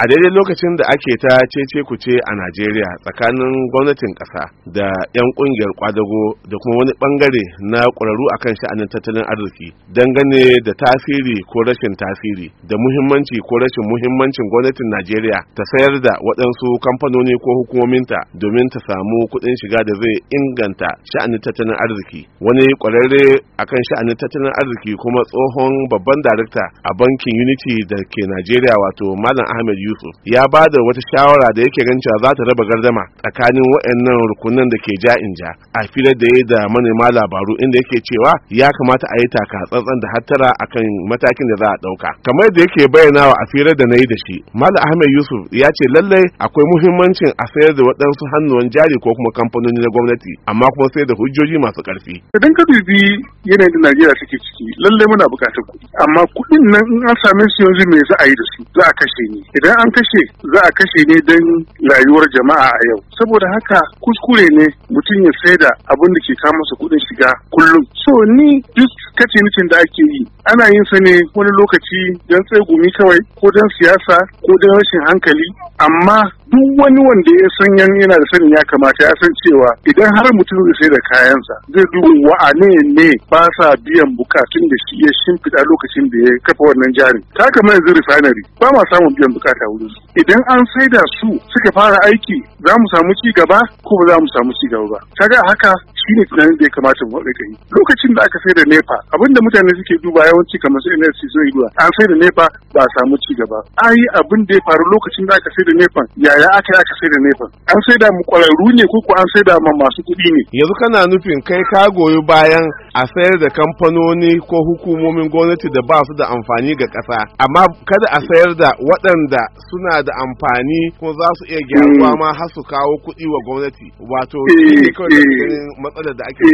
a daidai lokacin da ake ta cece kuce a najeriya tsakanin gwamnatin ƙasa da 'yan ƙungiyar kwadago da kuma wani bangare na ƙwararru akan sha'anin tattalin arziki dangane da tasiri ko rashin tasiri da muhimmanci ko rashin muhimmancin gwamnatin najeriya ta sayar da waɗansu kamfanoni ko hukumominta domin ta samu kuɗin shiga da zai inganta sha'anin tattalin arziki wani ƙwararre akan sha'anin tattalin arziki kuma tsohon babban darakta a bankin unity da ke najeriya wato malam ahmed Yusuf ya ba da wata shawara da yake ganin cewa za ta raba gardama tsakanin waɗannan rukunan da ke ja in ja a filar da ya da manema labaru inda yake cewa ya kamata a yi taka tsantsan da hattara akan matakin da za a ɗauka kamar da yake bayyanawa a filar da na yi da shi Malam Ahmed Yusuf ya ce lallai akwai muhimmancin a sayar da waɗansu hannuwan jari ko kuma kamfanoni na gwamnati amma kuma sai da hujjoji masu ƙarfi. Idan ka dubi yanayin da Najeriya take ciki lallai muna buƙatar kuɗi amma kuɗin nan in an same su yanzu me za a yi da su za a kashe ni idan an kashe za a kashe ne don rayuwar jama'a a yau saboda haka kuskure ne mutum ya saida abin da ke kama su kuɗin shiga kullum so ni duk kace nicin da ake yi ana yin sa ne wani lokaci don tsegumi kawai ko don siyasa ko don rashin hankali amma duk wani wanda ya san yan yana da sanin ya kamata ya san cewa idan har mutum zai sai da kayansa zai duba wa'ane ne ba sa biyan bukatun da shi ya shimfiɗa lokacin da ya kafa wannan jari ta kamar yanzu refinery ba ma samun biyan bukata wurin idan an sai da su suka fara aiki za mu samu ci gaba ko ba za mu samu ci gaba ba ga haka shi ne tunanin da ya kamata mu haɗa yi lokacin da aka sai da nepa abin da mutane suke duba yawanci kamar su NLC zai duba an sai da nefa ba a samu ci gaba ai abin da ya faru lokacin da aka sai da nefan yaya aka aka sai da nefan an sai da mu kwararru ne ko ko an sai da ma masu kuɗi ne yanzu kana nufin kai ka goyi bayan a sayar da kamfanoni ko hukumomin gwamnati da ba su da amfani ga ƙasa amma kada a sayar da waɗanda suna da amfani ko za su iya gyaruwa hmm. ma har su kawo kuɗi wa gwamnati wato eh, shi ne kawai eh. matsalar da ake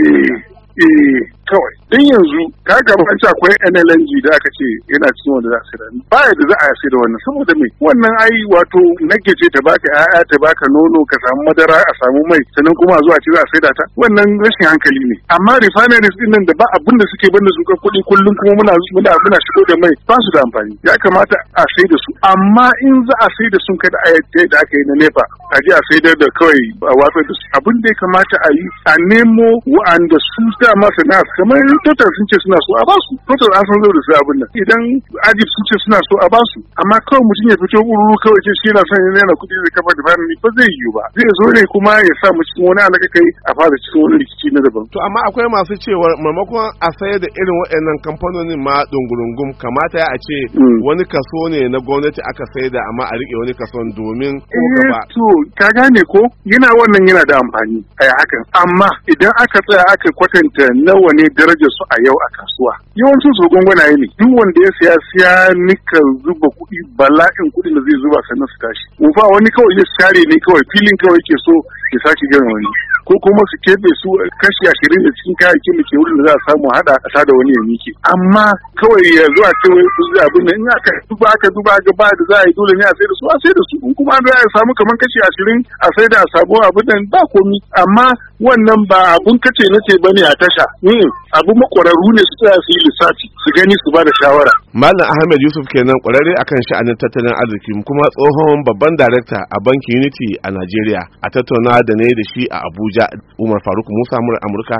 eh kawai din yanzu ka ga an ce akwai NLNG da aka ce yana cikin wanda za a sayar ba yadda za a sayar da wannan saboda me wannan ai wato nake ce ta baka ƴaƴa ta baka nono ka samu madara a samu mai sannan kuma zuwa ce za a saida ta wannan rashin hankali ne amma refineries din nan da ba abin da suke banda zuka kuɗi kullum kuma muna muna muna shigo da mai ba su da amfani ya kamata a saida da su amma in za a saida da sun kada ayyade da aka yi na nefa a je a saidar da kawai a watsar da su abin da ya kamata a yi a nemo wa'anda su sa masa nas kamar total sun ce suna so a basu total an san da su abin nan idan ajib sun ce suna so a basu amma kawai mutum ya fito ururu kawai ce shi yana son yana kuɗi zai kafa da bayan ba zai yiwu ba zai zo ne kuma ya sa mu cikin wani alaka kai a fara cikin wani rikici na daban. to amma akwai masu cewa maimakon a sayar da irin waɗannan kamfanonin ma dungurungum kamata a ce mm. wani kaso ne na gwamnati aka sayar da amma a riƙe wani kason domin ko gaba. Eh, to ka gane ko yana wannan yana da amfani a hakan amma idan aka tsaya aka kwatanta ta nawa ne darajar su a yau a kasuwa yawancin su gwangwanaye ne duk wanda ya siya siya nika zuba kuɗi bala'in kuɗi da zai zuba sannan su tashi Wufa, wani kawai ya share ne kawai filin kawai ke so ya sashi gane wani ko kuma su kebe su kashi ashirin da cikin kayayyakin da ke wurin da za a samu haɗa a da wani ya miki amma kawai ya zuwa ce wai su zai abin in aka duba aka duba ga ba da za a yi dole ne a sai da su a sai da su in kuma an a samu kamar kashi ashirin a sai da a samu abin nan ba komi amma wannan ba abun kace na ce ne, a tasha hmm. abu makwararru ne su tsaya su yi lissafi su gani su ba da shawara malam ahmed yusuf kenan kwararre akan sha'anin tattalin arziki kuma tsohon babban darakta a bankin unity a Najeriya a tattauna da na yi da shi a abuja umar faruk musa mura amurka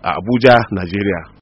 a abuja Najeriya.